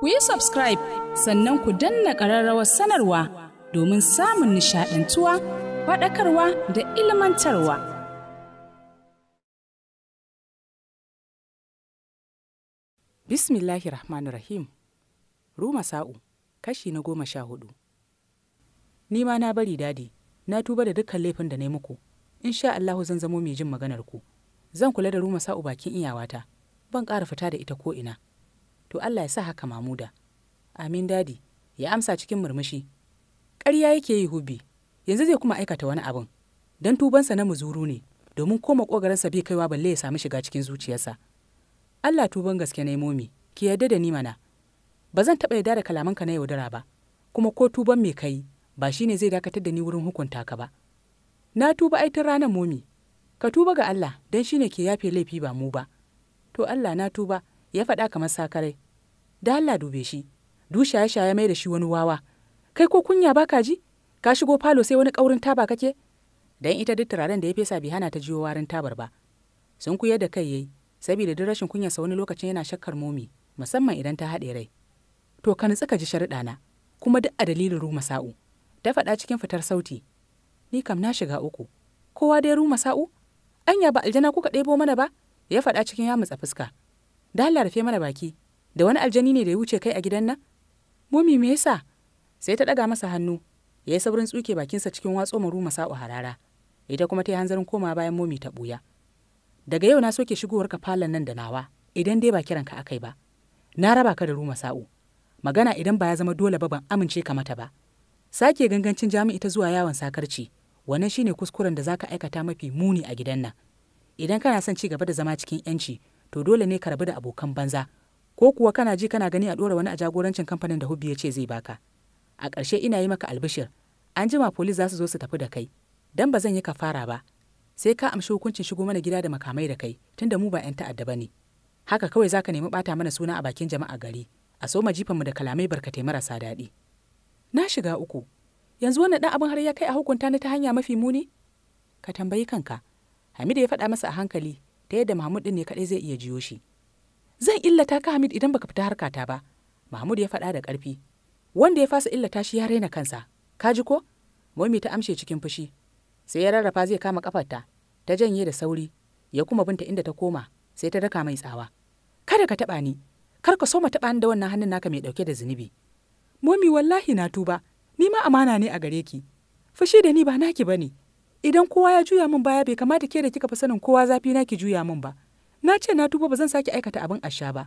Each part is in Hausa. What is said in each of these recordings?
ku yi subscribe sannan ku danna ƙararrawar sanarwa domin samun nishaɗantuwa faɗakarwa da ilmantarwa. Bismillahi Rahmanir Rahim Ruma Sa'u, kashi na goma sha hudu. Ni ma na bari dadi, na tuba da dukkan laifin da na yi muku, in sha Allahu zan zamo mai jin maganar ku. Zan kula da Ruma Sa'u bakin iyawata, ban ƙara fita da ita ko ina. to Allah ya sa haka mamuda amin dadi ya amsa cikin murmushi ƙarya yake yi hubi yanzu zai kuma aikata wani abin don tubansa na muzuru ne domin koma makogaransa bai kaiwa balle ya samu shiga cikin zuciyarsa Allah tuban gaske na momi ki yarda da ni mana ba zan taɓa yarda da kalamanka na yaudara ba kuma ko tuban mai kai ba shi ne zai dakatar da ni wurin hukunta ka ba na tuba ai ranar momi ka tuba ga Allah don shi ne ke yafe laifi ba mu ba to Allah na tuba ya faɗa kamar sakarai da Allah dube shi du shaye shaye mai da shi wani wawa kai ko kunya baka ji ka shigo falo sai wani ƙaurin taba kake dan ita duk turaren da ya fesa bi hana ta jiwo warin tabar ba sun kuyar da kai yayi saboda duk rashin kunya sa wani lokacin yana shakkar momi musamman idan ta haɗe rai to ka nutsu ka ji na, kuma duk a dalilin ruma sa'u ta faɗa cikin fitar sauti ni kam na shiga uku kowa dai ruma sa'u anya ba aljana kuka ɗebo mana ba ya faɗa cikin ya mutsa fuska da Allah rufe mana baki da wani aljani ne da ya wuce kai a gidan nan momi me yasa sai ta daga masa hannu ya yi saurin tsuke bakinsa cikin watso maru masa'u harara ita kuma ta yi hanzarin koma bayan momi ta buya daga yau na soke shigowarka falon nan da nawa idan dai ba kiranka akai ba na raba ka da ruma sa'u magana idan ba ya zama dole ba ban amince ka mata ba sake gangancin jami'i ta zuwa yawon sakarci wannan shine kuskuren da zaka aikata mafi muni a gidan nan idan kana son ci gaba da zama cikin yanci to dole ne ka rabu da abokan banza ko kuwa kana ji kana gani a ɗora wani a jagorancin kamfanin da hubbi ya ce zai baka a ƙarshe ina yi maka albishir an jima polis za su zo su tafi da kai dan ba zan yi ka fara ba sai ka amshi hukuncin shigo mana gida da makamai da kai tunda mu ba 'yan ta'adda ba ne haka kawai za ka nemi ɓata mana suna a bakin jama'a gari a soma jifanmu da kalamai barkatai marasa daɗi na shiga uku yanzu wannan ɗan abin har ya kai a hukunta ni ta hanya mafi muni ka tambayi kanka Hamida ya faɗa masa a hankali ta yadda mahmud ɗin ne kaɗai zai iya jiyo shi zan illata ka hamid idan baka fita harkata ba mahmud ya faɗa da ƙarfi wanda ya fasa illata shi ya raina kansa ka ji ko momi ta amshe cikin fushi sai ya rarrafa zai kama kafarta ta janye da sauri ya kuma binta inda ta koma sai ta daka mai tsawa kada ka taɓa ni kar ka so ma taɓa ni da wannan hannun naka mai ɗauke da zunubi momi wallahi na tuba ni ma amana ne a gare ki fushi da ni ba naki bane idan kowa ya juya min baya bai kamata ke da kika fi sanin kowa zafi na ki juya min ba na ce na tuba ba zan sake aikata abin asha ba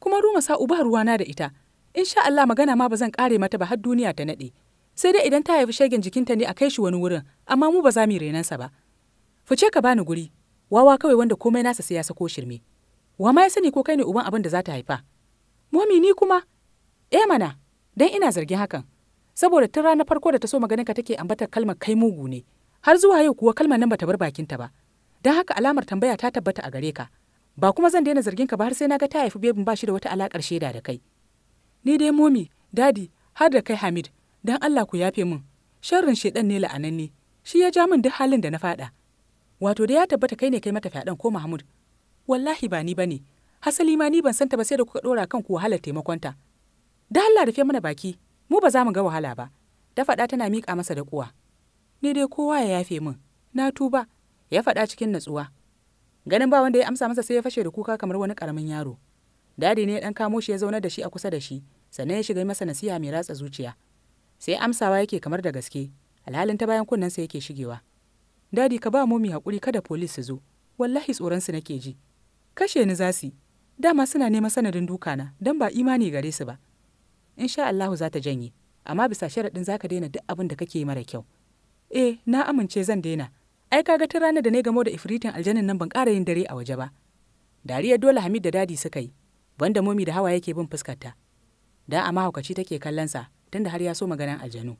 kuma ruma sa uba ruwa na da ita insha Allah magana ma ba zan kare mata ba har duniya ta nade sai dai idan ta haifi shegen jikinta ne a kai shi wani wurin amma mu ba za mu sa ba fice ka bani guri wawa kawai wanda komai nasa sai ya sako shirme wa ma ya sani ko kai ne uban abin da za ta haifa momi ni kuma eh mana dan ina zargin hakan saboda tun ranar farko da ta so maganinka take ambatar kalmar kai mugu ne har zuwa yau kuwa kalmar nan bata bar bakinta ba don haka alamar tambaya ta tabbata a gare ka ba kuma zan daina zargin ka ba har sai na ga ta haifi bebin ba shi da wata alakar shaida da kai ni dai momi dadi har da kai hamid don allah ku yafe min sharrin shaidan ne la'ananne shi ya ja min duk halin da na fada wato da ya tabbata kai ne kai mata fyaɗan ko mahmud wallahi ba ni ba ne hasali ma ni ban santa ba sai da kuka dora kanku wahalar taimakonta da allah rufe mana baki mu ba za mu ga wahala ba ta faɗa tana miƙa masa da kuwa ni dai kowa ya yafe min na tuba ya faɗa cikin natsuwa ganin ba wanda ya amsa masa sai ya fashe da kuka kamar wani karamin yaro dadi ne ya dan kamo shi ya zauna da shi a kusa da shi sannan ya shiga masa nasiha mai ratsa zuciya sai amsawa yake kamar da gaske alhalin ta bayan kunnen sa yake shigewa dadi ka ba momi hakuri kada polis su zo wallahi tsoron su nake ji kashe ni zasi dama suna neman sanadin dukana dan ba imani gare su ba insha Allahu za ta janye amma bisa sharaɗin zaka daina duk abin da kake mara kyau eh na amince zan daina ai kaga ta ranar da na gamo da ifritin aljanin nan ban ƙara yin dare a waje ba dariya dole hamid da dadi suka yi banda momi da hawa yake bin fuskarta da amma haukaci take kallon kallonsa tunda har ya so maganan aljanu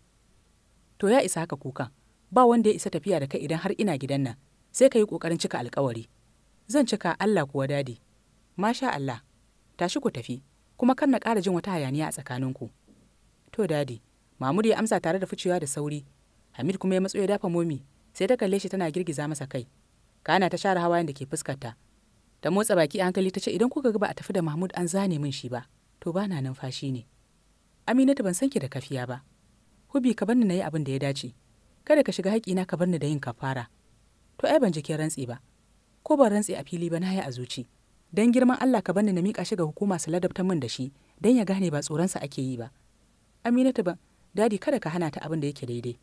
to ya isa haka kukan ba wanda ya isa tafiya da kai idan har ina gidan nan sai ka yi ƙoƙarin cika alkawari zan cika allah kuwa dadi masha allah tashi ku tafi kuma kar na ƙara jin wata hayaniya a tsakaninku to dadi mamuri ya amsa tare da ficewa da sauri hamid kuma ya matso ya dafa momi sai ta kalle shi tana girgiza masa kai kana ta share hawayen da ke fuskarta ta motsa baki a hankali ta ce idan kuka ga ba a tafi da mahmud an zane min shi ba to bana numfashi ne aminatu ban san ki da kafiya ba hubi ka barni na yi abin da ya dace kada ka shiga haƙina ka barni da yin kafara to ai ban jikin rantsi ba ko ban rantsi a fili ba na yi a zuci dan girman Allah ka ni na miƙa shi ga hukuma su ladabta min da shi dan ya gane ba tsoronsa ake yi ba aminatu ba dadi kada ka hana ta abin da yake daidai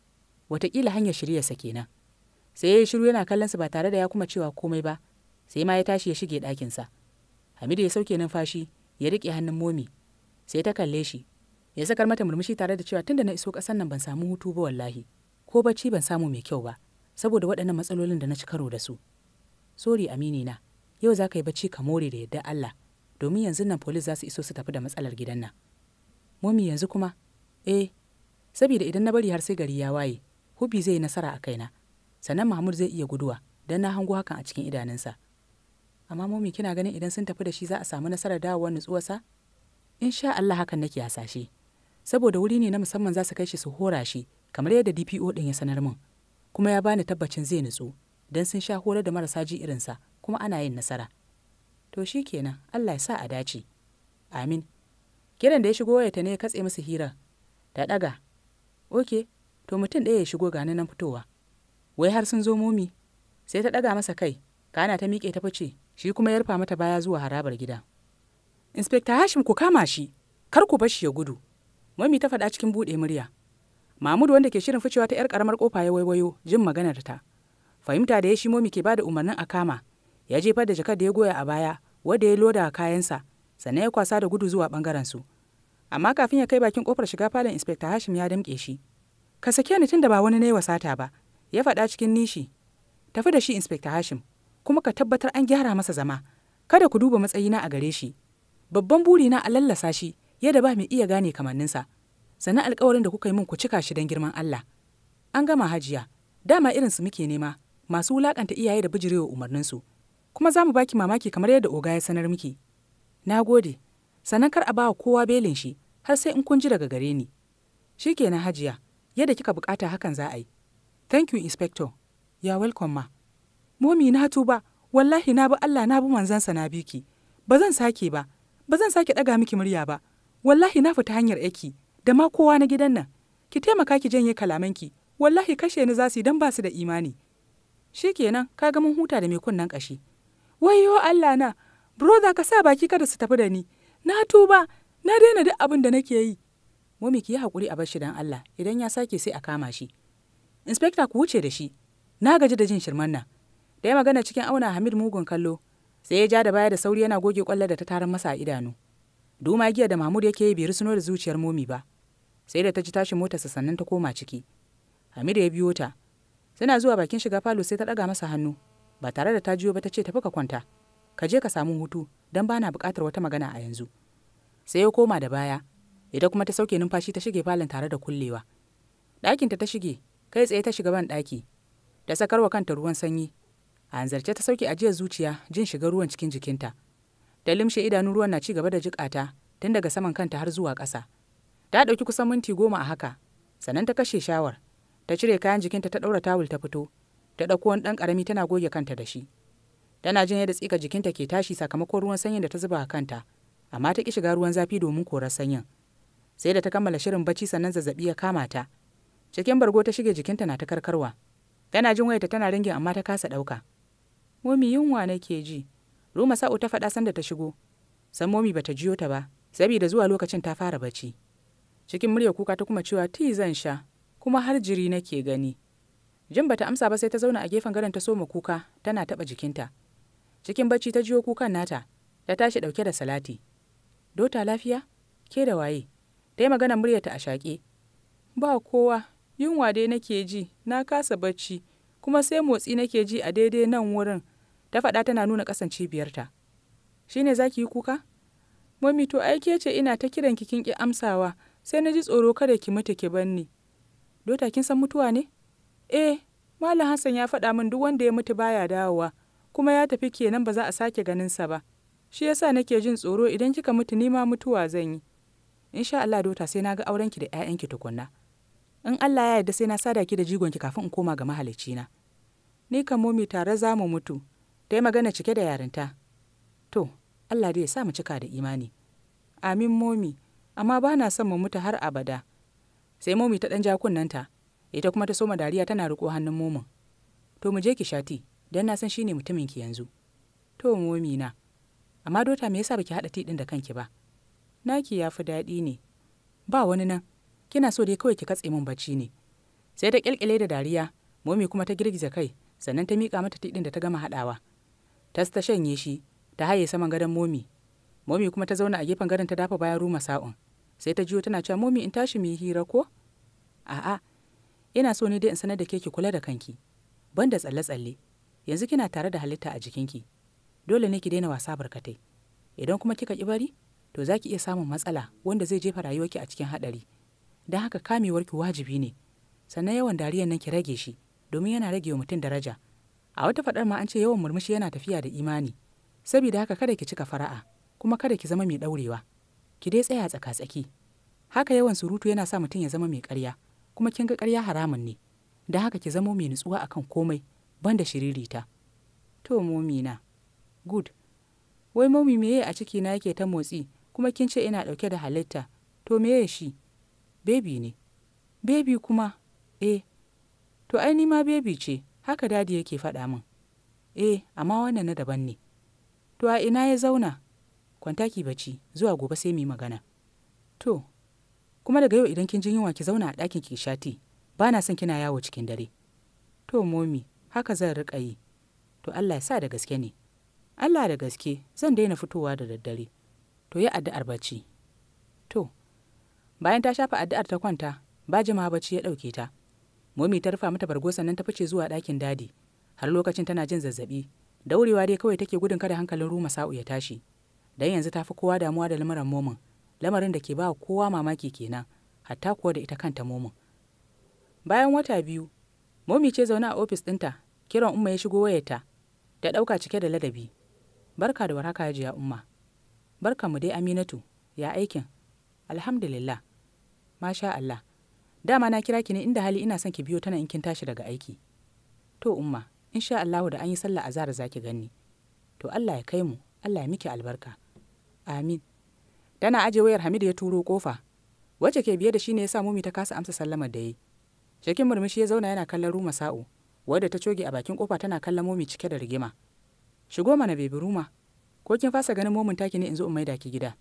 watakila hanyar shirya sa kenan sai ya yi shiru yana kallon su ba tare da ya kuma cewa komai ba sai ma ya tashi ya shige ɗakinsa hamidu ya sauke numfashi ya riƙe hannun momi sai ta kalle shi ya sakar mata murmushi tare da cewa tunda na iso ƙasar nan ban samu hutu ba wallahi ko bacci ban samu mai kyau ba saboda waɗannan matsalolin da na ci karo da su sori amini na yau za ka yi bacci ka more da yadda Allah domin yanzu nan polis za su iso su tafi da matsalar gidan nan momi yanzu kuma eh saboda idan na bari har sai gari ya waye hubi zai yi nasara a kaina sannan mahmud zai iya guduwa don na hango hakan a cikin idanunsa amma momi kina ganin idan sun tafi da shi za a samu nasarar dawowar nutsuwarsa sha Allah hakan nake hasashe saboda wuri ne na musamman za su kai shi su hora shi kamar yadda DPO din ya sanar min kuma ya bani tabbacin zai nutsu don sun sha horar da marasa ji irinsa kuma ana yin nasara to shi kenan Allah ya sa a dace amin kiran da ya shigo wayata ne ya katse musu hira da ɗaga. oke to mutum ɗaya ya shigo gani nan fitowa wai har sun zo momi sai ta ɗaga masa kai kana ta miƙe ta fice shi kuma ya rufa mata baya zuwa harabar gida inspekta hashim ku kama shi kar ku bar shi ya gudu momi ta faɗa cikin buɗe murya mahmud wanda ke shirin ficewa ta yar karamar ƙofa, ya waiwayo jin maganar ta fahimta da ya shi momi ke bada umarnin a kama ya jefar da jakar da ya goya a baya wanda ya loda kayansa sannan ya kwasa da gudu zuwa bangaren su amma kafin ya kai bakin kofar shiga falon inspekta hashim ya damƙe shi ka sake ni tun da ba wani na yi wasata ba ya faɗa cikin nishi tafi da shi inspector hashim kuma ka tabbatar an gyara masa zama kada ku duba matsayina a gare shi babban burina a lallasa shi yadda ba mai iya gane kamanninsa sannan alkawarin da kuka yi min ku cika shi don girman Allah an gama hajiya dama irin su muke nema masu wulakanta iyaye da bijirewa umarninsu kuma za mu baki mamaki kamar yadda oga ya sanar miki na gode sannan kar a bawa kowa belin shi har sai in kun ji daga gare ni shikenan hajiya yadda kika bukata hakan za a yi thank you inspector ya welcome ma momi na tuba wallahi na bi allah na bi manzansa na bi ki ba zan sake ba ba zan sake ɗaga miki murya ba wallahi na fita hanyar aiki da ma kowa na gidan nan ki taimaka ki janye kalamanki wallahi kashe ni za su yi dan ba su da imani Shi kenan ka ga mun huta da mai kunnen kashi Wayo allah na brother ka sa baki kada su tafi da ni na tuba na daina duk abin da nake yi momi ki yi haƙuri a bar shi don Allah idan ya sake sai a kama shi inspekta ku wuce da shi na gaji da jin shirman nan da ya magana cikin auna Hamid mugun kallo sai ya ja da baya da sauri yana goge kwallar da ta tarar masa a idanu duma giya da Mahmud yake yi bai risuno da zuciyar momi ba sai da ta ji tashin motarsa sannan ta koma ciki Hamid ya biyo ta suna zuwa bakin shiga falo sai ta ɗaga masa hannu ba tare da ta jiyo ba ta ce tafi ka kwanta ka je ka samu hutu don bana buƙatar wata magana a yanzu sai ya koma da baya ita kuma ta sauke numfashi ta shige falon tare da kullewa ɗakinta ta shige kai tsaye ta shiga ban ɗaki ta wa kanta ruwan sanyi a hanzarce ta sauke ajiyar zuciya jin shiga ruwan cikin jikinta ta limshe idanun ruwan na ci gaba da jiƙata, tun daga saman kanta har zuwa ƙasa ta ɗauki kusan minti goma a haka sannan ta kashe shawar ta cire kayan jikinta ta ɗaura tawul ta fito ta ɗauko wani ɗan ƙarami tana goge kanta da shi tana jin yadda tsika jikinta ke tashi sakamakon ruwan sanyin da ta zuba a kanta amma ta ƙi shiga ruwan zafi domin korar sanyin sai da ta kammala shirin bacci sannan zazzabi ya kama ta cikin bargo ta shige jikinta na ta karkarwa tana jin wayata tana ringin amma ta kasa ɗauka momi yunwa nake ji ruma sa'u ta faɗa sanda ta shigo san momi bata jiyo ta ba saboda zuwa lokacin ta fara bacci cikin murya kuka ta kuma cewa ti zan sha kuma har jiri nake gani jin bata amsa ba sai ta zauna a gefen gadon ta soma kuka tana taɓa jikinta cikin bacci ta jiyo kukan nata ta tashi ɗauke da salati dota lafiya ke da waye ta magana muryarta a shaƙe ba kowa yunwa dai nake ji na kasa bacci kuma sai motsi nake ji a daidai nan wurin ta faɗa tana nuna ƙasan cibiyarta ne za ki yi kuka mami to aike ce ina ta kiran ki kin ki amsawa sai na ji tsoro kada ki mutu ki ban ni. dota kin san mutuwa ne eh malam hassan ya faɗa min duk wanda ya mutu baya dawowa kuma ya tafi kenan ba za a sake ganinsa ba shi yasa nake jin tsoro idan kika mutu nima mutuwa zan yi insha Allah dota sai na ga aurenki da 'ya'yanki tukunna in Allah ya yarda sai na sada ki da jigonki kafin in koma ga na. ni kan momi tare za mu mutu dai magana cike da yarinta to Allah dai ya sa mu cika da imani amin momi amma ba na son mu mutu har abada sai momi ta dan ja kunnanta ita kuma ta soma dariya tana riko hannun momin to mu je ki shati dan na san shine mutumin ki yanzu to momi na amma dota me yasa baki hada ti da kanki ba naki ya fi daɗi ne ba wani nan kina so dai kawai ki katse min bacci ne sai ta kyalkyale da dariya momi kuma ta girgiza kai sannan ta miƙa mata tiɗin da ta gama haɗawa Ta ta shanye shi ta haye saman gadon momi momi kuma ta zauna a gefen gadon ta dafa bayan ruma sa'un sai ta jiyo tana cewa momi in tashi mu yi hira ko a'a ina so ne dai in sanar da ke ki kula da kanki ban da tsalle-tsalle yanzu kina tare da halitta a jikinki dole ne ki daina wasa barkatai idan kuma kika ki bari to za ki iya samun matsala wanda zai jefa rayuwarki a cikin haɗari don haka kamewarki wajibi ne sannan yawan dariyan nan ki rage shi domin yana rage wa mutum daraja a wata faɗar ma an ce yawan murmushi yana tafiya da imani saboda haka kada ki cika fara'a kuma kada ki zama mai ɗaurewa ki dai tsaya tsaka-tsaki haka yawan surutu yana sa mutum ya zama mai ƙarya kuma kin ga ƙarya haramun ne don haka ki zamo mai nutsuwa akan komai banda shiririta to momina good wai momi meye a ciki na yake ta motsi kuma kin ce ina ɗauke da halitta to meye shi bebi ne bebi kuma eh to ai ma bebi ce haka dadi yake faɗa min eh amma wannan na daban ne to a ina ya zauna kwantaki bacci zuwa gobe sai mu magana to kuma daga yau idan kin jin yunwa ki zauna a ɗakin ki shati ba na son kina yawo cikin dare to momi haka zan rika yi to Allah ya sa da gaske ne Allah da gaske zan daina fitowa da daddare to yi addu'ar bacci to bayan ta shafa addu'ar ta kwanta ba jimawa bacci ya ɗauke ta momi ta rufa mata bargo sannan ta fice zuwa ɗakin dadi har lokacin tana jin zazzaɓi daurewa dai kawai take gudun kada hankalin ruma sa'u ya tashi dan yanzu ta fi kowa damuwa da lamuran momin lamarin da ke ba kowa mamaki kenan hatta kuwa da ita kanta momin bayan wata biyu momi ce zaune a ofis ɗinta kiran umma ya shigo wayarta ta ɗauka cike da ladabi barka da warhaka jiya, umma Barka mu dai Aminatu, ya aikin? Alhamdulillah, masha Allah. Dama na kira ki ne inda hali ina son ki biyo tana in kin tashi daga aiki. To umma, in sha Allahu da an yi sallah azhar zaki gani. To Allah ya kai mu, Allah ya miki albarka. Amin. Tana aje wayar hamidu ya turo kofa. Wacce ke biye da shi ne ya sa mumi ta kasa amsa sallamar da yi. Shekin murmushi ya zauna yana kallon Ruma sa'o, wadda ta coge a bakin kofa tana kallon momi cike da rigima. Shigo mana bebi Ruma, ko kin fasa ganin momin taki ne in zo in maida ki gida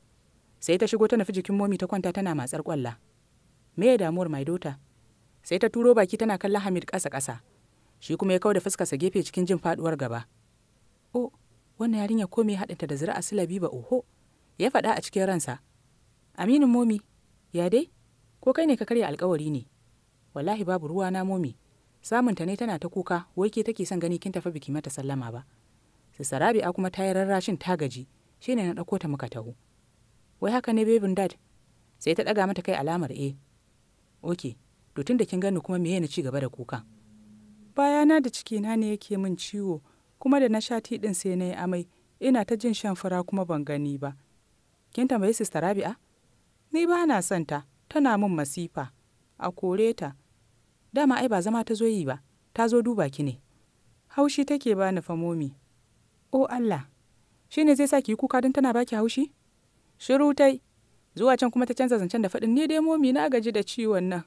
sai ta shigo ta nufi jikin momi ta kwanta tana matsar kwalla me ya damuwar mai dota sai ta turo baki tana kallon hamid ƙasa ƙasa shi kuma ya kawo da fuskarsa gefe cikin jin faduwar gaba o wannan yarinya ko me ya haɗinta da zira'a silabi ba oho ya faɗa a cikin ransa aminin momi ya dai ko kai ne ka karya alkawari ne wallahi babu ruwa na momi samunta ne tana ta kuka wai ke take son gani kin tafi biki mata sallama ba Sista Rabi'a kuma ta yi rarrashin ta gaji, shine na ɗauko ta muka taho. Wai haka ne bebin dad? Sai ta ɗaga mata kai alamar e. ok to tun da kin gani kuma meye na ci gaba da kuka Bayana da cikina ne yake min ciwo, kuma da na sha tiɗin sai na yi amai, ina ta jin shan fura kuma ban gani ba. Kin tambayi sista Rabi'a? Ni ba na son ta, tana min masifa. A kore ta. Dama ai ba zama ta zo yi ba, ta zo duba ki ne. Haushi take bani famomi. O Allah, shi ne zai sa ki yi kuka don tana baki haushi? Shiru tai, zuwa can kuma ta canza zancen da faɗin ni dai momi na gaji da ciwon nan.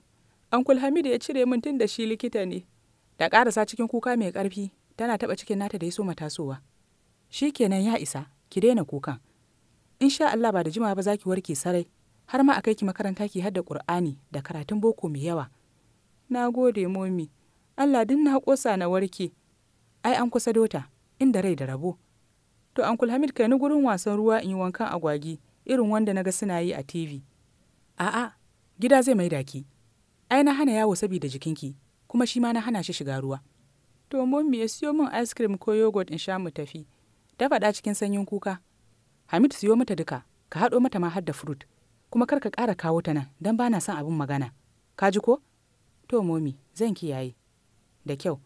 Ankul Hamidu ya cire min tun da shi likita ne. Da ƙarasa cikin kuka mai ƙarfi, tana taɓa cikin nata da ya so matasowa. Shi kenan ya isa, ki daina kukan. In sha Allah ba da jimawa ba za ki warke sarai, har ma a kai ki makaranta ki hadda Ƙur'ani da karatun boko mai yawa. Na gode momi, Allah duk na ƙosa na warke. Ai an kusa dota. inda rai da rabo to uncle hamid kai ni gurin wasan ruwa in yi wankan agwagi irin wanda na ga suna yi a tv a'a gida zai maida ki ai na hana yawo saboda jikinki kuma shi ma na hana shi shiga ruwa to ya siyo min ice cream ko yogurt in sha mu tafi ta faɗa cikin sanyin kuka hamid siyo mata duka ka haɗo mata ma har da fruit kuma kar ka ƙara kawo ta nan don ba na son abin magana ka ji ko to momi zan kiyaye da kyau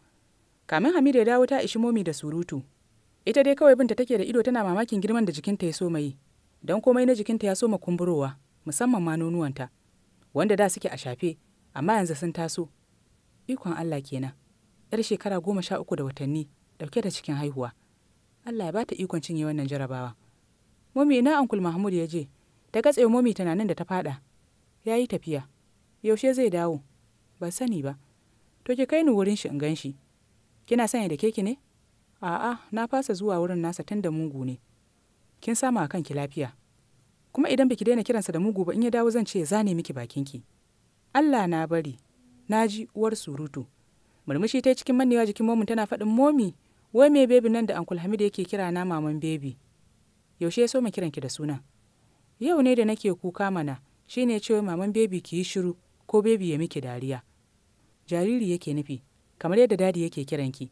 kamin hamidu ya dawo ta ishi momi da surutu ita dai kawai binta take da ido tana mamakin girman da jikinta ya soma yi don komai na jikinta ya soma kumburowa musamman ma nonuwanta wanda da suke a shafe amma yanzu sun taso ikon allah kenan yar shekara goma sha uku da watanni ɗauke da cikin haihuwa allah ya ba ta ikon cinye wannan jarabawa momi na ankul mahmud ya je ta katse momi tunanin da ta faɗa. ya yi tafiya yaushe zai dawo ban sani ba to ki kai ni wurin shi in gan shi kina sanya da keki ne a'a na fasa zuwa wurin nasa tun da mugu ne kin sama kanki lafiya kuma idan biki daina kiransa da mugu ba in ya dawo zan ce ya zane miki bakinki Allah na bari na ji uwar surutu murmushi ta cikin mannewa jikin momin tana faɗin momi wai me bebi nan da ankul hamid yake kira na maman bebi yaushe ya so mu kiranki da suna yau ne da nake kuka mana shine cewa maman bebi ki yi shiru ko bebi ya miki dariya jariri yake nufi kamar yadda dadi yake ki.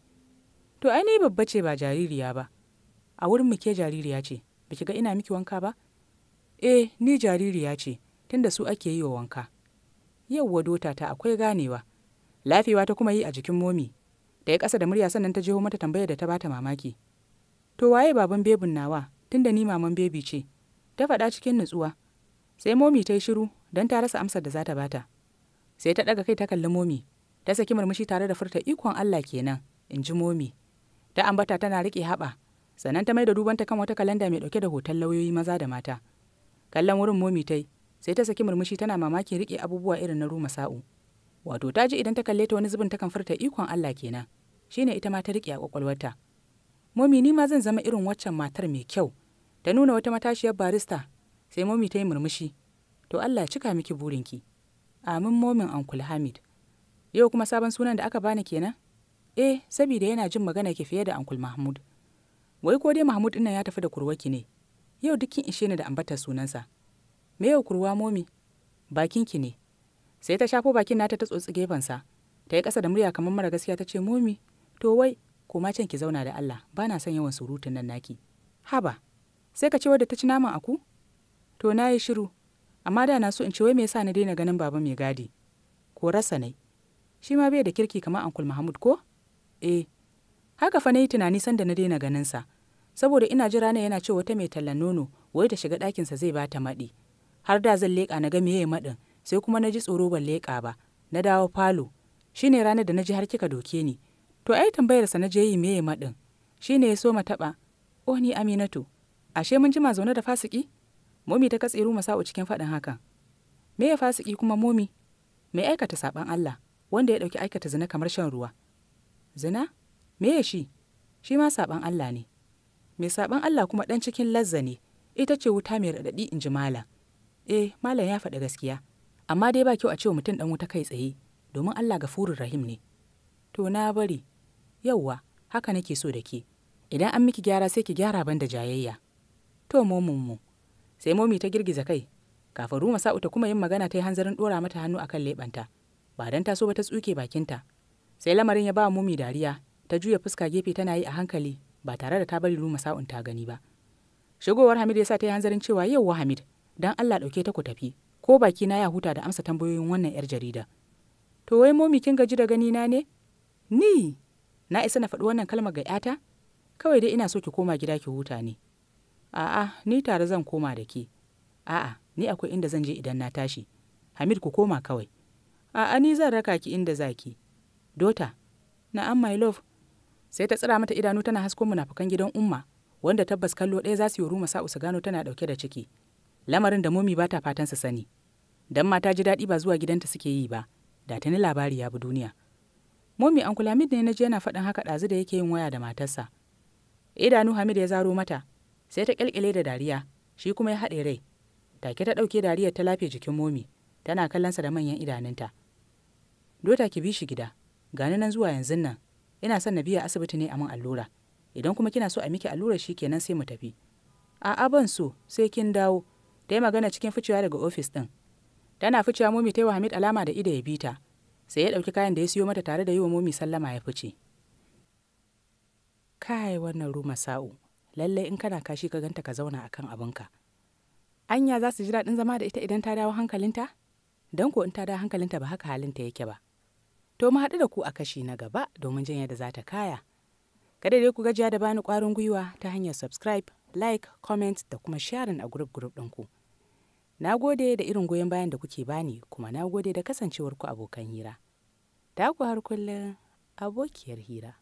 to ai ni babba ce ba jaririya ba a wurin mu ke jaririya ce biki ga ina miki wanka ba eh ni jaririya ce tunda su ake yi wa wanka yau dota ta akwai ganewa lafiwa ta kuma yi a jikin momi da ya ƙasa da murya sannan ta jeho mata tambayar da ta bata mamaki to waye baban bebin nawa tunda ni maman bebi ce ta faɗa cikin nutsuwa sai momi ta yi shiru don ta rasa amsar da za ta bata sai ta ɗaga kai ta kalli momi ta saki murmushi tare da furta ikon Allah kenan in ji momi ta ambata tana riƙe haɓa sannan ta mai da dubanta kan wata kalanda mai ɗauke da hoton lauyoyi maza da mata kallon wurin momi tai sai ta saki murmushi tana mamaki rike abubuwa irin na ruma sa'u wato ta ji idan ta kalle ta wani zubin takan furta ikon Allah kenan shine ita ma ta rike a kwakwalwarta momi ni ma zan zama irin waccan matar mai kyau ta nuna wata matashiyar barista sai momi ta yi murmushi to Allah cika miki burinki amin momin ankul Hamid yau kuma sabon sunan da aka bani kenan eh saboda yana jin magana ke fiye da ankul mahmud wai ko dai mahmud ɗin ya tafi da kurwaki ne yau dukkin ishe ni da ambatar sunansa me yau kurwa momi ki ne sai ta shafo bakin nata ta tsotsi sa ta yi kasa da murya kamar mara gaskiya ta ce momi to wai koma can ki zauna da Allah ba na son yawan surutun nan naki haba sai ka ce wadda ta ci naman aku to na yi shiru amma da na so in ce wai me yasa na daina ganin baba mai gadi ko rasa nai shi ma bai da kirki kamar ankul mahmud ko eh haka fa na yi tunani sanda na daina ganin sa saboda ina jira na yana cewa wata mai tallan nono wai ta shiga sa zai bata maɗi har da zan leƙa na ga meye maɗin sai kuma na ji tsoro ban leƙa ba na dawo falo shine ranar da na ji har kika doke ni to ai tambayarsa na je yi meye maɗin shine ya so ma taɓa oh ni aminatu ashe mun jima zaune da fasiki momi ta katse ruma sa'u cikin faɗin hakan me ya fasiki kuma momi mai aikata saɓan allah wanda ya ɗauki aikata zina kamar shan ruwa zina Me ya shi shi ma saɓan allah ne mai saɓan allah kuma ɗan cikin lazza ne ita ce wuta mai raɗaɗi in ji malam eh malam ya faɗi gaskiya amma dai ba kyau a ce wa mutum ɗan wuta kai tsaye domin allah ga furin rahim ne to na bari yauwa haka nake so da ke idan an miki gyara sai ki gyara ban da jayayya to momin mu sai momi ta girgiza kai kafin ruma sa'u ta kuma yin magana ta yi hanzarin ɗora mata hannu akan leɓanta ba don taso ba ta tsuke bakinta sai lamarin ya ba mumi dariya ta juya fuska gefe tana yi a hankali ba tare da ta bari ruma sa'un ta gani ba shigowar hamid ya sa ta yi hanzarin cewa yauwa hamid don allah ɗauke ta ku tafi ko baki na ya huta da amsa tambayoyin wannan yar jarida to wai Mumi kin gaji da gani na ne ni na isa na faɗi wannan kalmar ga yata kawai dai ina so ki koma gida ki huta ne a'a ni tare zan koma da ke a'a ni akwai inda zan je idan na tashi hamid ku koma kawai A'a ni zan raka ki inda za ki. Dota, na'am my love. Sai ta tsira mata idanu tana hasko munafukan gidan Umma, wanda tabbas kallo ɗaya za su yi ruma sa'u su gano tana ɗauke da ciki. Lamarin da momi ba ta fatan su sani. Dan mata ji daɗi ba zuwa gidanta suke yi ba, da ni labari ya bi duniya. Momi an kula ne na je yana faɗin haka ɗazu da yake yin waya da matarsa. Idanu Hamid ya zaro mata, sai ta ƙyalƙyale da dariya, shi kuma ya haɗe rai. Take ta ɗauke dariyar ta lafe jikin momi, tana kallonsa da manyan idanunta. dota ki bi shi gida gani nan zuwa yanzu nan ina son na biya asibiti ne a min allura idan kuma kina so a miki allura shi kenan sai mu tafi a'a ban so sai kin dawo ta yi magana cikin ficewa daga ofis ɗin tana ficewa momi ta yi wa hamid alama da ida ya bi ta sai ya ɗauki kayan da ya siyo mata tare da yi wa momi sallama ya fice kai wannan ruma sa'u lallai in kana kashi ka ganta ka zauna akan ka. anya za su ji daɗin zama da ita idan ta dawo hankalinta don ko in ta dawo hankalinta ba haka halinta yake ba To mu haɗu da ku a kashi na gaba domin jin yadda za ta kaya. Kada dai ku gajiya da bani ƙwarin gwiwa ta hanyar subscribe, like, comment da kuma sharing a group group ɗinku. Na gode da irin goyon bayan da kuke bani kuma na gode da kasancewarku abokan hira. Ta ku har kullum abokiyar hira.